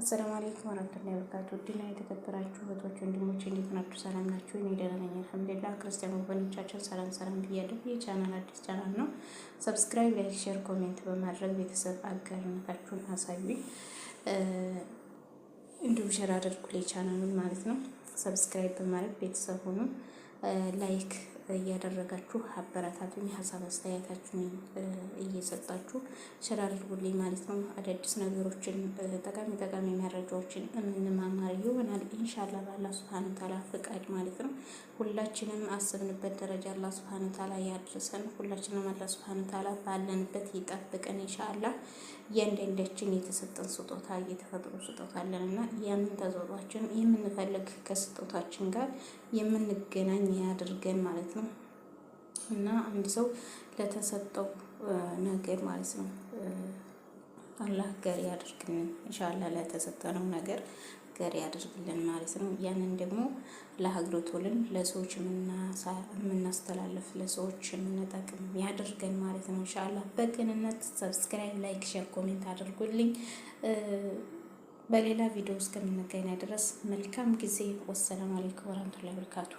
አሰላሙ አለይኩም ወራህመቱላሂ ወበረካቱ። ውድና የተከበራችሁ እህቶች ወንድሞች እንዴት ናችሁ? ሰላም ናችሁ? እኔ ደህና ነኝ አልሐምዱሊላህ። ክርስቲያን ወገኖቻችን ሰላም ሰላም ብያለሁ። ይህ ቻናል አዲስ ቻናል ነው። ሰብስክራይብ፣ ላይክ፣ ሼር፣ ኮሜንት በማድረግ ቤተሰብ አጋርነታችሁን አሳዩኝ። እንዲሁም ሼር አድርጉ ላይ ቻናሉን ማለት ነው። ሰብስክራይብ በማድረግ ቤተሰብ ሆኑ። ላይክ እያደረጋችሁ አበረታቱኝ። ሀሳብ አስተያየታችሁን እየሰጣችሁ ስራ አድርጉልኝ ማለት ነው። አዳዲስ ነገሮችን ጠቃሚ ጠቃሚ መረጃዎችን የምንማማር ይሆናል ኢንሻላ በአላህ ስብሃነ ተዓላ ፍቃድ ማለት ነው። ሁላችንም አስብንበት ደረጃ አላህ ስብሃነ ተዓላ ያድርሰን። ሁላችንም አላህ ስብሃነ ተዓላ ባለንበት ይጠብቀን ኢንሻላ። እያንዳንዳችን የተሰጠን ስጦታ የተፈጥሮ ስጦታ አለን እና ያንን ተዘሯችን የምንፈልግ ከስጦታችን ጋር የምንገናኝ ያድርገን ማለት ነው። አላውቅም። እና አንድ ሰው ለተሰጠው ነገር ማለት ነው አላህ ገር ያደርግልን እንሻላ ለተሰጠነው ነገር ገር ያደርግልን ማለት ነው። ያንን ደግሞ ለሀገሮቶልን ለሰዎች የምናስተላልፍ ለሰዎች የምንጠቅም ያደርገን ማለት ነው እንሻላ። በቅንነት ሰብስክራይብ፣ ላይክ፣ ሼር፣ ኮሜንት አድርጉልኝ። በሌላ ቪዲዮ እስከምንገናኝ ድረስ መልካም ጊዜ። ወሰላም አለይኩም ወረህመቱላሂ ወበረካቱ።